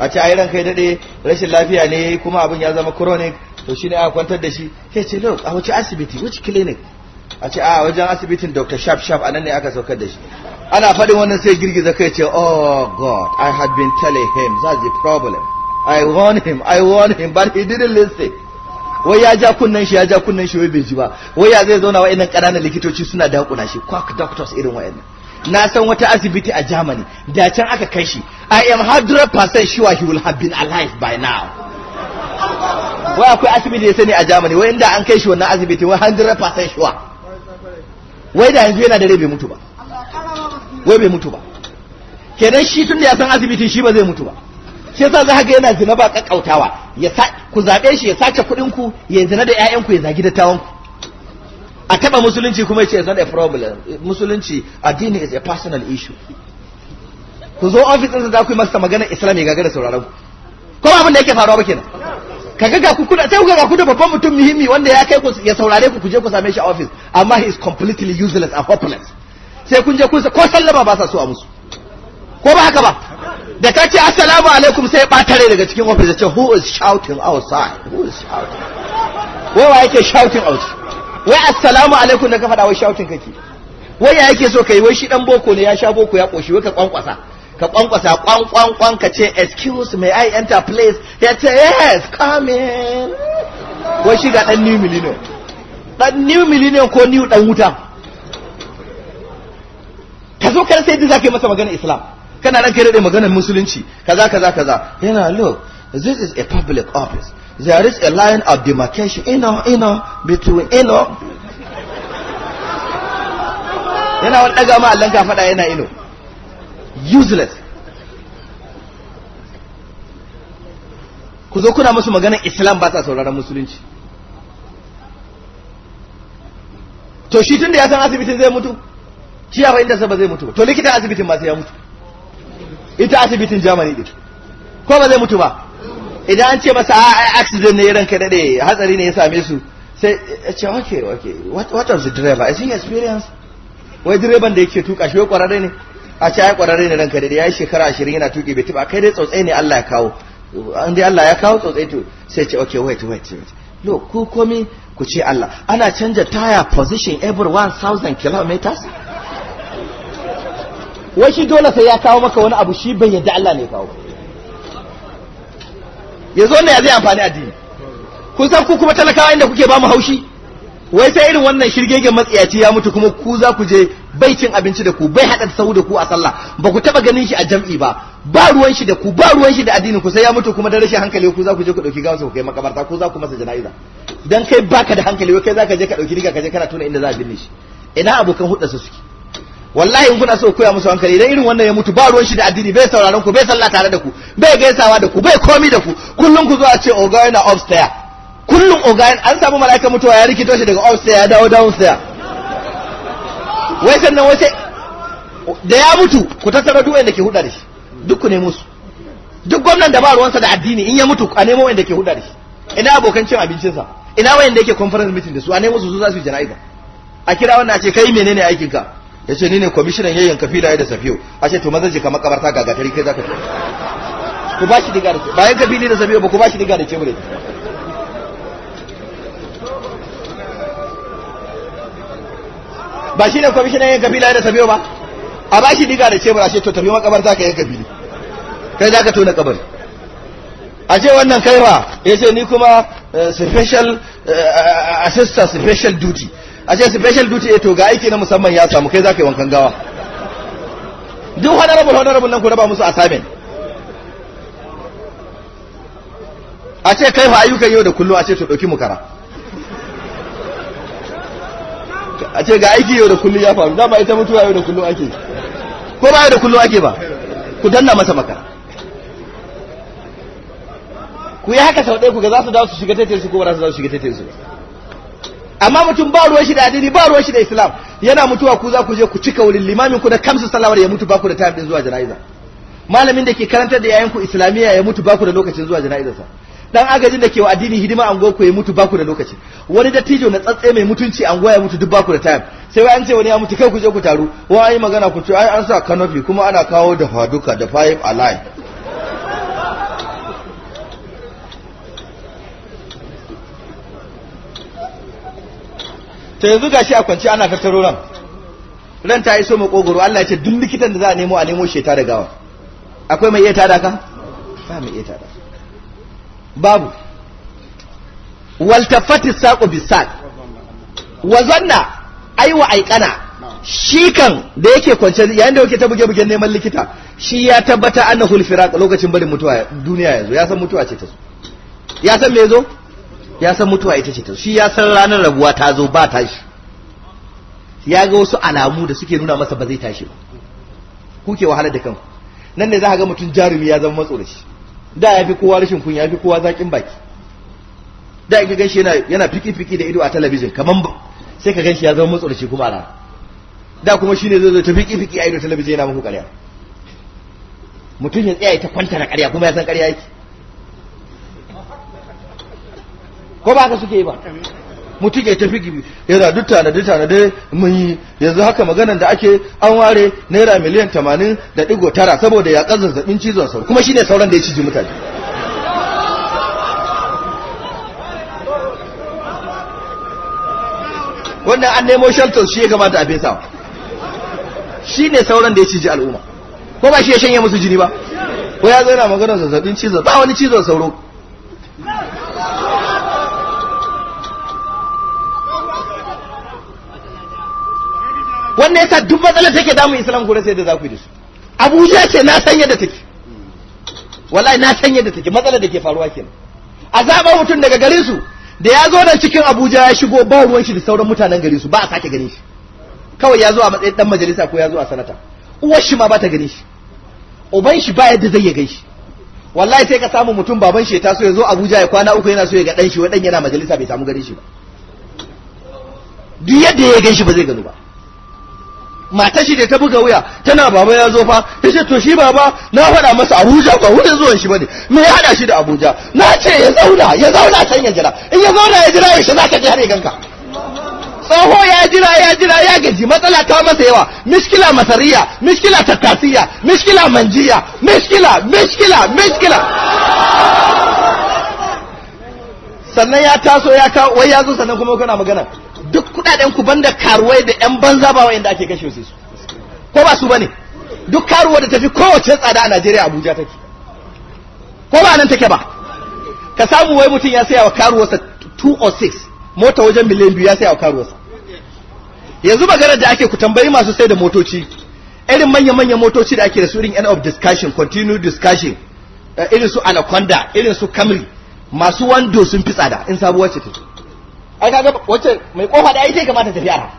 S2: a ce ai ranka ya dade rashin lafiya ne kuma abin ya zama chronic to shine aka kwantar da shi sai ce look a wace asibiti which clinic a ce a ah, wajen asibitin Dr. Sharp Sharp anan ne aka saukar da shi ana faɗin wannan sai girgiza kai ce oh god i had been telling him that's the problem I warn him, I warn him, but he didn't listen. Wai ya ja kunnen shi, ya ja kunnen shi wai bai ji ba. Wai ya zai zauna wa'annan ƙananan likitoci suna dakuna shi, quack doctors irin wa'annan. Na san wata asibiti a Germany, da can aka kai shi. I am 100% sure he will have been alive by now. Wai akwai asibiti ya sani a Germany, wai inda an kai shi wannan asibiti, wai 100% sure. Wai da yanzu yana da rai bai mutu ba. Wai bai mutu ba. Kenan shi tun da ya san asibitin shi ba zai mutu ba. shi yasa za ga yana zina ba kakkautawa ya sa ku zabe shi ya sace kuɗin ku ya zina da ƴaƴan ku ya zagi da ku a taba musulunci kuma yace it's not a problem musulunci addini is a personal issue ku zo office ɗinsa za ku yi masa magana islam ya da sauraron ku ko abin da yake faruwa ba kenan kaga ga ku kuna sai ku ga ku da babban mutum muhimmi wanda ya kai ku ya saurare ku ku je ku same shi a office amma he is completely useless and hopeless sai kun je kun ko sallama ba sa so a musu ko ba haka ba da ka ce assalamu alaikum sai ɓatare daga cikin ofis da ce who is shouting outside who is shouting wai yake shouting out wai assalamu alaikum da ka faɗa wai shouting kake wai ya yake so kai wai shi dan boko ne ya sha boko ya koshi wai ka kwankwasa ka kwankwasa kwan kwan ka ce excuse me i enter place ya ce yes come in wai shi ga dan new millennium dan new millennium ko new dan wuta ka zo kar sai da zaka yi masa magana islam kana ranka rade maganar musulunci kaza kaza kaza yana look this is a public office there is a line of demarcation you know you know between you know yana wani daga ma Allah ka yana ino useless ku zo kuna musu maganar islam ba ta sauraron musulunci to shi tun da ya san asibitin zai mutu shi ya inda sa ba zai mutu to likitan asibitin ma sai ya mutu ita asibitin Germany din ko ba zai mutu ba idan an ce masa a ah, accident ne ranka daɗe hatsari ne ya same su sai ya ce okay okay what what of the driver is he experience wai direban da yake tuka shi kwararre ne a ce ai kwararre ne ranka ya yi shekara ashirin yana tuki bai tuba kai dai tsotsai ne Allah ya kawo an dai Allah ya kawo tsotsai to sai ce okay wait wait wait look ku komi ku ce Allah ana canja tire position every 1000 kilometers wai shi dole sai ya kawo maka wani abu shi bai yadda Allah ne kawo Ya zo ne ya zai amfani addini kun san ku kuma talakawa inda kuke ba mu haushi wai sai irin wannan shirgegen matsiyaci ya mutu kuma ku za ku je bai cin abinci da ku bai haɗa sau da ku a sallah ba ku taɓa ganin shi a jam'i ba ba ruwan shi da ku ba ruwan shi da addinin ku sai ya mutu kuma da rashin hankali ku za ku je ku ɗauki gawa ku kai makabarta ku za ku masa jana'iza dan kai baka da hankali kai za ka je ka ɗauki riga ka je kana tuna inda za a binne shi ina abokan hudda su suke wallahi in kuna so koya musu hankali idan irin wannan ya mutu ba ruwan shi da addini bai sauraron ku bai sallah tare da ku bai gaisawa da ku bai komi da ku kullum ku zo a ce oga yana upstairs kullum oga an samu mala'ika mutuwa ya rikito shi daga upstairs ya dawo downstairs wai sannan wai sai da ya mutu ku tattara duk wanda ke huda da shi duk ku ne musu duk gwamnan da ba ruwansa da addini in ya mutu a nemo wanda ke huda da shi ina abokan cin abincinsa ina wanda yake conference meeting da su a nemo su su za su yi jana'iza a kira wannan a ce kai menene aikinka ya ce ni ne kwamishinan yayyan kafila da safiyo a ce to maza jika makabarta ga gatari kai zaka ku ba shi diga da ce bayan kafili da safiyo ba ku ba shi diga da ce mure ba shi ne kwamishinan yayyan kafila da safiyo ba a ba shi diga da ce mure a ce to tafi makabarta ka yanka fili kai ka tona kabari a ce wannan kaiwa ya ce ni kuma eh, special eh, eh, assistant special duty a ce special duty Eto eh, ga aiki na musamman ya samu kai za ka yi wankan gawa duk wani rabu nan ku raba musu assignment a ce kai fa ayyukan yau da kullum a ce to ɗauki mukara a ce ga aiki yau da kullum ya faru dama ita mutuwa yau da kullum ake ko ba yau da kullum ake ba ku danna masa makara ku yi haka sau ɗaya ku ga za su dawo su shiga tetesu su ko ba za su dawo su shiga tetesu. su ba amma mutum ba ruwan shi da addini ba ruwan shi da islam yana mutuwa ku za ku je ku cika wurin limamin ku da kamsu salawar ya mutu ba ku da time din zuwa jana'iza malamin da ke karantar da 'ya'yanku ku islamiyya ya mutu ba ku da lokacin zuwa sa. dan agajin da ke wa addini hidima an ku ya mutu ba ku da lokaci wani dattijo na tsatse mai mutunci anguwa ya mutu duk ba ku da time sai wai an ce wani ya mutu kai ku je ku taru wa magana ku ce ai an sa kanofi kuma ana kawo da faduka da five alive ta yanzu gashi a kwance ana tattaro ran ran ta iso kogoro Allah ya ce duk likitan da za a nemo a nemo sheta da gawa akwai mai iya tada ka ba mai iya tada babu waltafati saqu bisad wa zanna aikana shi kan da yake kwance yayin da yake ta buge bugen neman likita shi ya tabbata annahu alfiraq lokacin barin mutuwa duniya yazo ya san mutuwa ce ta zo ya san me yazo ya san mutuwa ita ce ta shi ya san ranar rabuwa ta zo ba tashi ya ga wasu alamu da suke nuna masa ba zai tashi ba kuke wahala da kanku nan ne za ka ga mutum jarumi ya zama shi da ya fi kowa rashin kunya ya fi kowa zaƙin baki da ya shi yana yana fiki fiki da ido a talabijin kaman sai ka gan shi ya zama shi kuma a da kuma shine zai zo ta fiki fiki a ido talabijin yana muku ƙarya mutum ya tsaya ya ta kwanta na ƙarya kuma ya san ƙarya yake ko ba ka suke yi ba mutu ke tafi gibi yana duk tana dai mun yi yanzu haka maganan da ake an ware naira miliyan tamanin da digo tara saboda ya kan zazzabin cizon sauro kuma shine sauran da ya ciji mutane wannan an nemo shelter shi ya kamata a fesa shi ne sauran da ya ciji al'umma ko ba shi ya shanye musu jini ba ko ya zo yana maganar zazzabin cizon ba wani cizon sauro wannan yasa duk matsalar take damu islam ku sai da za ku yi da su abuja ce na san yadda take wallahi na san yadda take matsalar da ke faruwa kenan a zaba mutum daga garin su da ya zo nan cikin abuja ya shigo ba ruwan shi da sauran mutanen garin su ba a sake ganin shi kawai ya zo a matsayin dan majalisa ko ya zo a sanata uwar shi ma ba ta ganin shi uban shi ba yadda zai ya gan shi wallahi sai ka samu mutum baban shi ya taso ya zo abuja ya kwana uku yana so ya ga dan shi wadan yana majalisa bai samu ganin shi ba duk yadda ya gan shi ba zai gano ba mata shi da ta buga wuya tana baba ya zo fa ta ce to shi baba na faɗa masa abuja ba wurin zuwan shi bane me ya hada shi da abuja na ce ya zauna ya zauna can ya jira in ya zauna ya jira yaushe ka je har ya ganka tsoho ya jira ya jira ya gaji matsala ta masa yawa miskila masariya miskila takasiya miskila manjiya miskila miskila miskila sannan ya taso ya kawo wai ya zo sannan kuma kana magana duk kudaden ku banda karuwai da yan banza ba wayanda ake kashe su ko ba su bane duk karuwa da tafi kowace tsada a Najeriya Abuja take ko ba nan take ba ka samu wai mutum ya saya wa karuwarsa 6 mota wajen miliyan biyu ya saya wa karuwarsa yanzu magana da ake ku tambayi masu sai da motoci irin manya-manyan motoci da ake da su irin end of discussion continue discussion eh, irin su anaconda irin su camry masu wando sun fi tsada in sabuwar ce ta ai ga wacce mai kofa da ita ya kamata tafi ara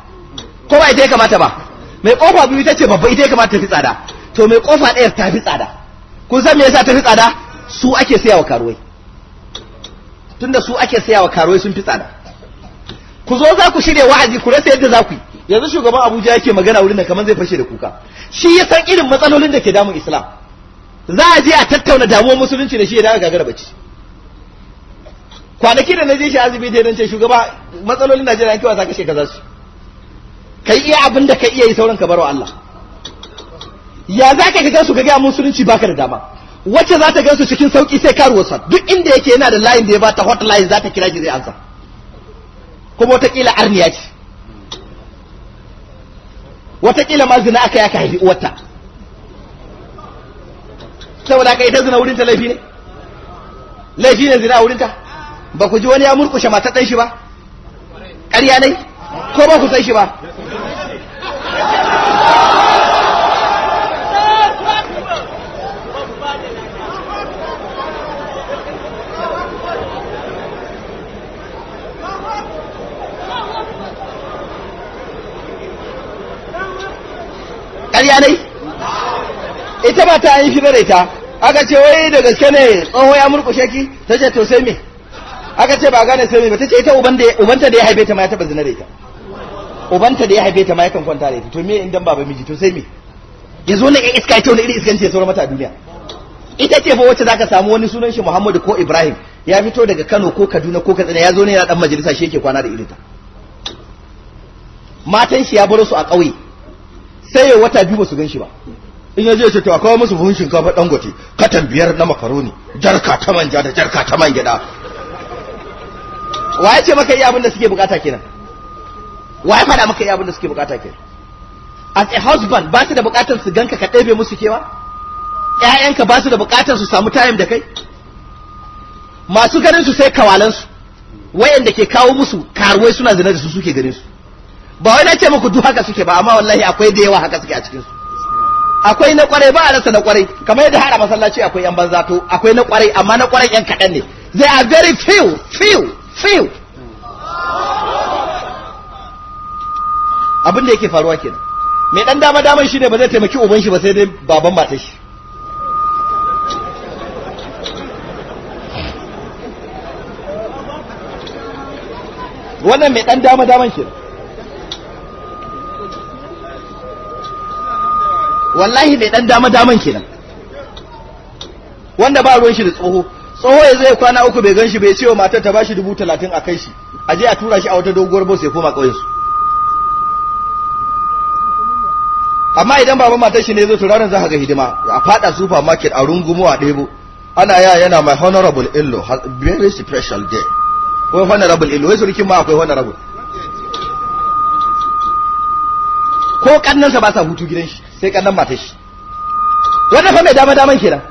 S2: ko ba ita ya kamata ba mai kofa biyu ita ce babba ita ya kamata ta fi tsada to mai kofa ɗaya ta fi tsada kun san me yasa ta fi tsada su ake sayawa karuwai tunda su ake sayawa karuwai sun fi tsada ku zo za ku shirya wa'azi ku rasa yadda za ku yi yanzu shugaban Abuja yake magana wurin da kamar zai fashe da kuka shi ya san irin matsalolin da ke damun Islam za a je a tattauna damuwar musulunci da shi ya dawo gagara bacci kwanaki da na je shi asibiti don ce shugaba matsalolin Najeriya yankewa wasa ka kaza su kai iya abin da ka iya yi sauran ka baro Allah ya za ka ga su ka ga musulunci baka da dama wacce za ta gansu cikin sauki sai karuwarsa duk inda yake yana da layin da ya bata hotline za ta kira shi zai ansa kuma watakila arniya ce watakila ma zina aka yaka haifi uwarta saboda ka ita zina wurinta laifi ne laifi ne zina wurinta ba ku ji wani ya murkushe matar ɗan shi ba ƙarya ne ko ba ku san shi ba ƙarya ne ita ba ta yi shi da ita aka ce wai da gaske ne tsoho ya murkushe ki ta ce to sai me aka ce ba gane sai me ba ita ubanta da ya haife ta ma ya taba zina da ita ubanta da ya haife ta ma ya kwanta da ita to me in ba ba miji to sai me ya zo na iska ya wani iri iskanci ya saura mata a duniya ita ce fa wacce zaka samu wani sunan shi Muhammadu ko Ibrahim ya fito daga Kano ko Kaduna ko Katsina ya zo ne yana dan majalisa shi yake kwana da irinta matan shi ya baro su a ƙauye sai ya wata biyu ba su gan shi ba in ya je ce to akwai musu buhun shinkafa dangote katan biyar na makaroni jarka ta manja da jarka ta man gyada wa ya ce maka iya abin da suke bukata kenan wa ya faɗa maka iya abin da suke bukata kenan as a husband ba su da bukatar su ganka ka ɗebe musu kewa ƴaƴanka ba su da bukatar su samu time da kai masu ganin su sai kawalansu wayanda ke kawo musu karuwai suna zina da su suke ganin su ba wai na ce muku duk haka suke ba amma wallahi akwai da yawa haka suke a cikin su akwai na kwarai ba a rasa na kwarai kamar yadda har masallaci akwai yan banza to akwai na kwarai amma na kwarai yan kaɗan ne they are very few few fiw abin da yake faruwa kenan mai dan dama daman shi ne ba zai taimaki uban shi ba sai dai baban matar shi wannan mai dan dama daman shi wallahi mai dan dama daman kenan wanda ba ruwan shi da tsoho tsoho ya zai kwana uku bai ganshi bai cewa matar ta bashi dubu talatin a kai shi a je a tura shi a wata doguwar bus ya koma ƙauyensu amma idan baban matar shi ne zo turarin za ka ga hidima a fada supermarket a rungumo a ɗebo ana ya yana mai honorable illo very special day kuma honorable illo wai surukin ma akwai honorable ko kannansa ba sa hutu gidan shi sai kannan matar shi wannan fa mai dama daman kenan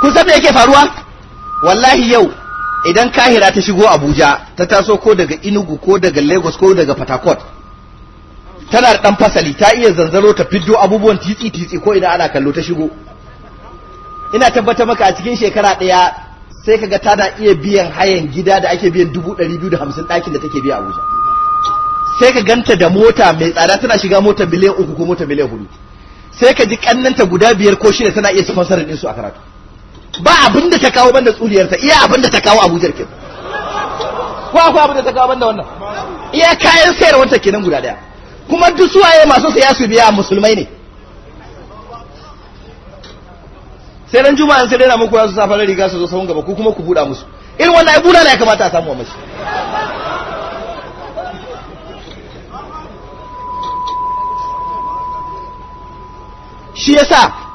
S2: kun san me yake faruwa wallahi yau idan kahira ta shigo abuja ta taso ko daga inugu ko daga lagos ko daga port tana da dan fasali ta iya zanzaro ta fiddo abubuwan titi titi ko idan ana kallo ta shigo ina tabbatar maka a cikin shekara ɗaya sai kaga tana iya biyan hayan gida da ake biyan dubu ɗari da ɗakin da take biya abuja sai ka ganta da mota mai tsada tana shiga mota miliyan uku ko mota miliyan hudu sai ka ji kannanta guda biyar ko shida tana iya sponsorin ɗinsu a karatu ba abin da ta kawo banda tsuriyarta iya abin da ta kawo abujar ke ko akwai abin da ta kawo banda wannan iya kayan sayarwar ke kenan guda daya kuma duk suwaye masu saya su biya musulmai ne sai ran juma'a sai dai na muku su safar farar riga su zo sahun gaba ko kuma ku buɗa musu irin wannan ai buɗa ne ya kamata a samu mashi shi yasa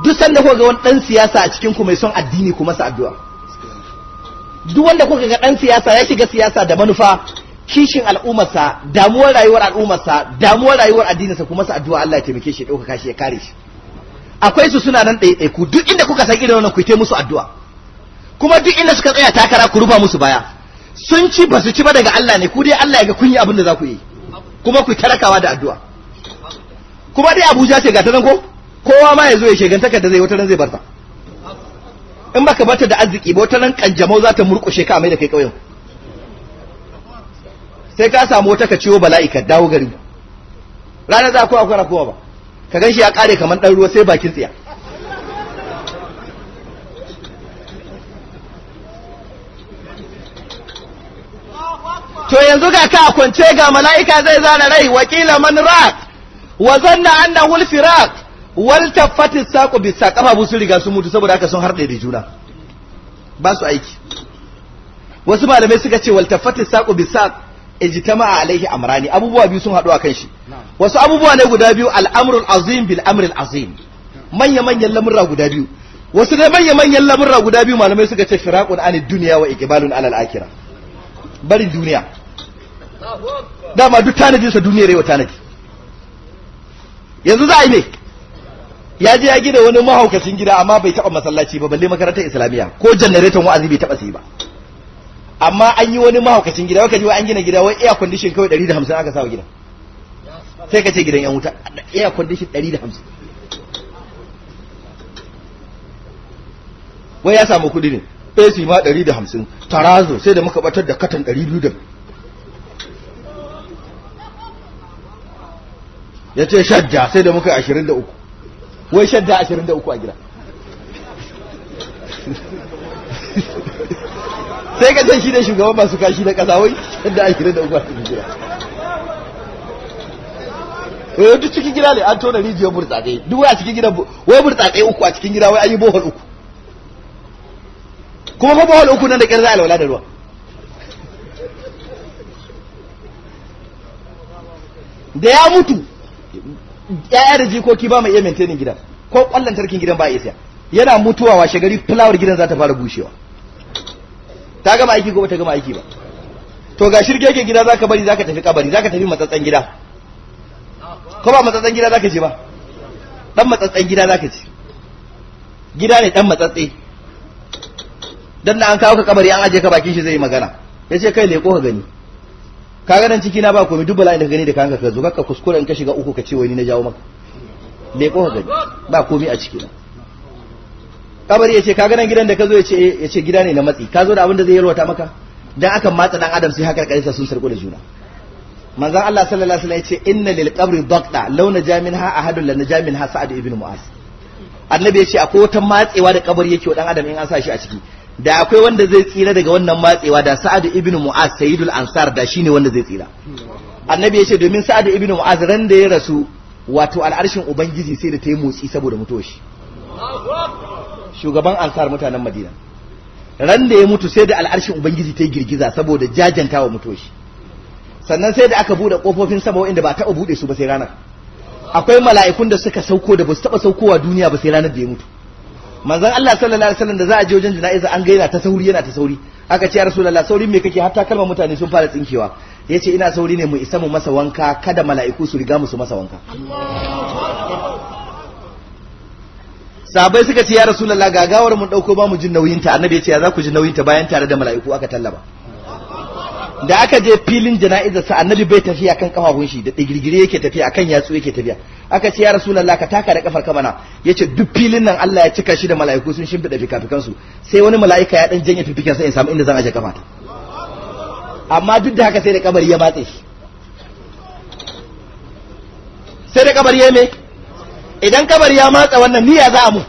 S2: duk sanda kuka ga wani dan siyasa a cikin ku mai son addini ku masa addu'a duk wanda kuka ga dan siyasa ya shiga siyasa da manufa kishin al'ummarsa damuwar rayuwar al'ummarsa damuwar rayuwar addininsa kuma masa addu'a Allah ya taimake shi dauka shi ya kare shi akwai su suna nan ɗaiɗai ku duk inda kuka san irin wannan ku musu addu'a kuma duk inda suka tsaya takara ku rufa musu baya sun ci ba su ci ba daga Allah ne ku dai Allah ya ga kun yi abin da za ku yi kuma ku tarakawa da addu'a kuma dai Abuja ce ga ta nan ko kowa ma ya zo ya shegantaka da zai wata ran zai barta in baka bata da arziki ba wata ran kanjamau za ta murƙushe ka mai da kai ƙauyen sai ka samu wata ka ciwo bala'i ka dawo gari ranar za kowa kwara kowa ba ka gan shi ya ƙare kamar ɗan ruwa sai bakin tsiya to yanzu ga ka kwance ga mala'ika zai zana rai wakila man raq wa zanna annahu al-firaq wal tafati saqu bi saqafa sun riga sun mutu saboda haka sun harɗe da juna ba su aiki wasu malamai suka ce wal tafati saqu bi saq ijtama'a alaihi amrani abubuwa biyu sun haɗu akan shi wasu abubuwa ne guda biyu al'amrul azim bil amril azim manya manyan lamurra guda biyu wasu ne manya manyan lamurra guda biyu malamai suka ce firaqun anid dunya wa iqbalun alal akhirah Bari duniya dama duk tanadi tanadinsa duniyar yau tanadi yanzu za a yi ne ya je ya gina wani mahaukacin gida amma bai taba masallaci ba balle makarantar islamiyya ko janareton wa'azi bai taba sai ba amma an yi wani mahaukacin gida waka wa an gina gida wai air condition kawai 150 aka sawa gida. sai ka ce gidan yan wuta air condition 150 wai ya samu kudi ne AC ma 150 tarazo sai da muka batar da katan 200 ya ce shajja sai da muka 23 wai shadda uku a gida sai ka san shi da shugaban masu kashi na kasa wai shadda uku a gida wai eh, duk cikin gida ne an tona rijiyar burtsatsai duk wai a cikin gida wai burtsatsai uku a cikin gida wai an yi bohol uku kuma ko bohol uku nan da kyar za a laula da ruwa da ya mutu yaya da jikoki ba mai iya maintaining gidan ko kwallon tarkin gidan ba iya siya yana mutuwa washe gari fulawar gidan za ta fara bushewa ta gama aiki ko ba ta gama aiki ba to ga shirke ke gida zaka bari zaka tafi kabari zaka tafi matsatsan gida ko ba matsatsan gida zaka je ba dan matsatsan gida zaka je gida ne dan matsatse dan da an kawo ka kabari an aje ka bakin shi zai yi magana yace kai leko ka gani kaga nan ciki na ba komai duk bala'in da gani da kanka ka zo kakka kuskure in ka shiga uku ka ce wani na jawo maka le ko gani ba komai a ciki na. kabari yace kaga nan gidan da ka zo yace eh, yace gida ne na matsi ka zo da abin da zai yalwata maka dan akan matsa dan adam sai haka karkarsa sun sarko da juna manzon Allah sallallahu alaihi wasallam yace inna lil qabri daqta law naja minha ahadun la naja minha sa'ad ibn mu'az annabi yace akwai wata matsewa da kabari yake wa dan adam in an sa shi a ciki da akwai wanda zai tsira daga wannan matsewa da sa'ad ibn mu'az sayyidul ansar da shine wanda zai tsira annabi ya ce domin sa'ad ibn mu'az ran da ya rasu wato al'arshin ubangiji sai da ta yi motsi saboda mutuwar shi shugaban ansar mutanen madina ran da ya mutu sai da al'arshin ubangiji ta yi girgiza saboda jajanta wa mutuwar shi sannan sai da aka bude kofofin sama wa'inda ba taɓa bude su ba sai ranar akwai mala'ikun da suka sauko da ba su taɓa saukowa duniya ba sai ranar da ya mutu manzon Allah sallallahu alaihi wasallam da za a je wajen jana'iza an gaina ta sauri yana ta sauri aka ce ya rasulullah sauri me kake ta kalmar mutane sun fara tsinkewa yace ina sauri ne mu isa mu masa wanka kada mala'iku su riga mu su masa wanka sabai suka ce ya rasulullah gagawar mu dauko ba mu jin nauyin ta annabi ya ce ya za ku ji nauyin ta bayan tare da mala'iku aka tallaba da aka je filin jana'izar sa annabi bai tafiya kan kafafun shi da digirgire yake tafiya akan yatsu yake tafiya aka ce ya rasulullah ka taka da kafar ka mana yace duk filin nan Allah ya cika shi da mala'iku sun shimfida fikafikan su sai wani mala'ika ya dan janye fifikan sa in samu inda zan aje ta amma duk da haka sai da kabari ya batse shi sai da kabari ya me idan kabari ya matsa wannan ni ya za a mu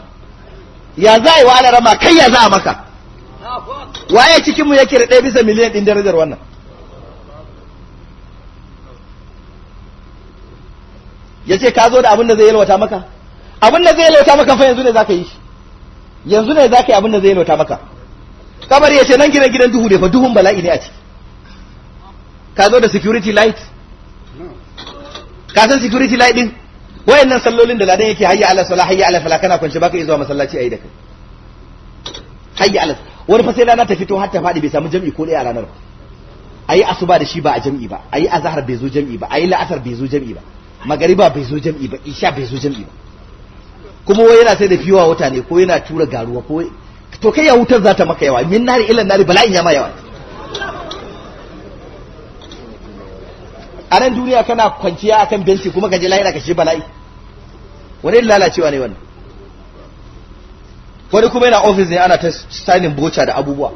S2: ya za a yi wa alarama kai ya za a maka waye cikinmu yake da ɗaya bisa miliyan ɗin darajar wannan ya ce ka zo da abin da zai yalwata maka abin da zai yalwata maka fa yanzu ne zaka yi yanzu ne zaka yi abin da zai yalwata maka kamar ya ce nan gidan gidan duhu ne fa duhun bala'i ne a ciki ka zo da security light ka san security light din wayannan sallolin da ladan yake hayya ala sala hayya ala fala kana kwance baka zuwa masallaci ayi da kai hayya ala wani fa sai rana ta fito har ta fadi bai samu jami'i ko dai a ranar ba ayi asuba da shi ba a jami'i ba ayi azhar bai zo jami'i ba ayi la'asar bai zo jami'i ba magariba bai zo jam'i ba isha bai zo jam'i ba kuma wai yana sai da fiwa wata ne ko yana tura garuwa ko to kai ya wutar za ta maka yawa min nari ilan nari bala'in ya ma yawa a nan duniya kana kwanciya akan benci kuma kaje lahira ka shi bala'i wani lalacewa ne wannan wani kuma yana ofis ne ana ta signing boca da abubuwa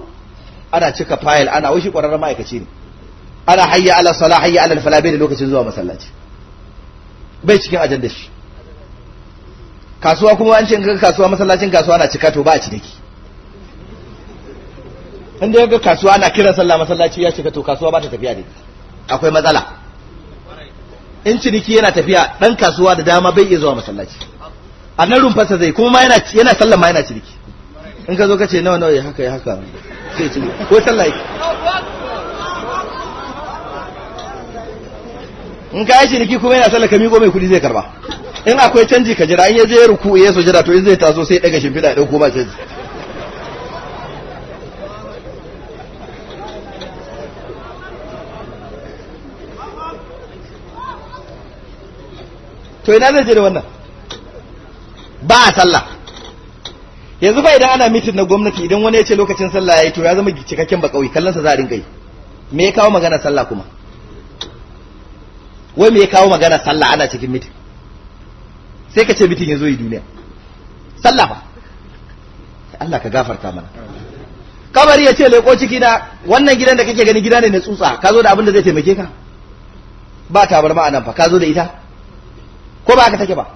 S2: ana cika fayil ana wai shi ƙwararren ma'aikaci ne ana hayya ala sala hayya ala falabe da lokacin zuwa masallaci bai cikin ajandar shi kasuwa kuma an ce ga kasuwa masallacin kasuwa na cika to ba a ciniki inda ya ga kasuwa na kiran sallah masallaci ya cika to kasuwa ba ta tafiya ne akwai matsala in ciniki yana tafiya dan kasuwa da dama bai iya zuwa masallaci a nan sa zai kuma yana yana sallah ma yana ciniki in ka zo ka ce nawa nawa ya haka ya haka sai ciniki ko sallah yake in ka yi ciniki kuma yana sallaka ka miƙo mai kuɗi zai karba in akwai canji ka jira in ya je ruku ya sujada to in zai taso sai daga shimfiɗa ya ɗauko ba canji to ina zai je da wannan ba a sallah yanzu ba idan ana mitin na gwamnati idan wani ya ce lokacin sallah ya yi to ya zama cikakken ba kallon sa za a rinka yi me ya kawo magana sallah kuma wai me ya kawo magana sallah ana cikin mitin sai ka ce mitin ya zo yi duniya sallah ba Allah ka gafarta mana kabari ya ce leko ciki na wannan gidan da kake gani gida ne na tsutsa ka zo da abin da zai taimake ka ba tabarma a nan fa ka zo da ita ko ba ka take ba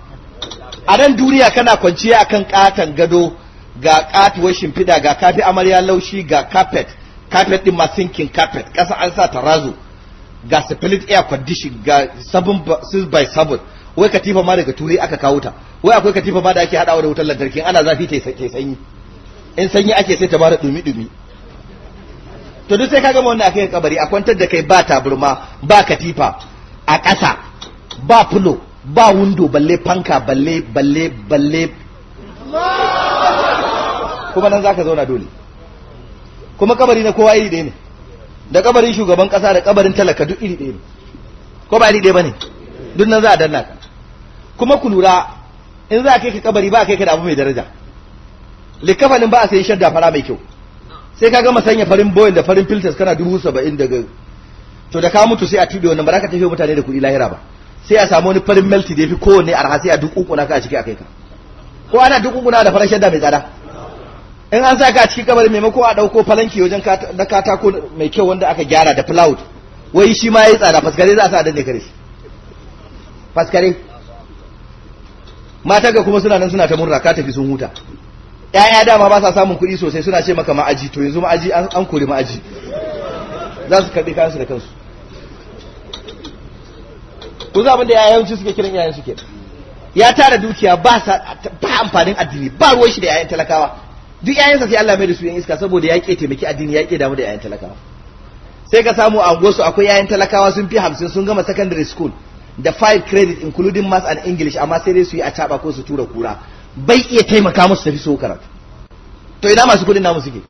S2: a nan duniya kana kwanciya akan katan gado ga katuwar shimfiɗa ga kafi amarya laushi ga carpet carpet din ma sinkin carpet ƙasa an sa tarazo ga split air condition ga 7 by 7 wai katifa ma daga turai aka kawo ta wai akwai katifa ma da ake hadawa da wutar lantarki ana zafi ta sanyi in sanyi ake sai ta bara dumi dumi to duk sai ka gama wannan akai kabari a kwantar da kai ba taburma ba katifa a ƙasa ba fulo ba windo balle fanka balle balle balle kuma nan zaka zauna dole kuma kabari na kowa iri ne da kabarin shugaban kasa da kabarin talaka duk iri ɗaya ne ko ba iri ɗaya ne duk nan za a danna ka kuma ku lura in za a kai ka kabari ba a kai ka da abu mai daraja likafanin ba a sayi shadda fara mai kyau sai ka gama sanya farin boyin da farin filters kana dubu saba'in daga to da ka mutu sai a tuɗe wannan ba za ka tafi mutane da kuɗi lahira ba sai a samu wani farin melti da ya fi kowanne arha sai a duk uku na ka a ciki a kai ka ko ana duk uku na da farin shadda mai tsada in an sa ka a cikin kabarin maimako a ɗauko falanki wajen na katako mai kyau wanda aka gyara da plowed wai shi ma ya yi tsada faskare za a sa danne kare shi faskare mata ga kuma suna nan suna ta murna ka tafi sun huta ƴaƴa dama ba sa samun kuɗi sosai suna ce maka ma'aji to yanzu ma'aji an kori ma'aji za su karɓi kayansu da kansu ku za abin da yayanci suke kiran su ke ya tara dukiya ba amfanin addini ba ruwan shi da yayan talakawa duk ƴaƴansa sai Allah mai da su yin iska saboda yaƙe taimaki addini ya damu da ƴaƴan talakawa sai ka samu a gosu akwai ƴaƴan talakawa sun fi hamsin sun gama secondary school da five credit including math and english amma sai dai su yi a taba ko su tura kura bai iya taimaka musu tafi so karatu to ina masu kuɗin namu suke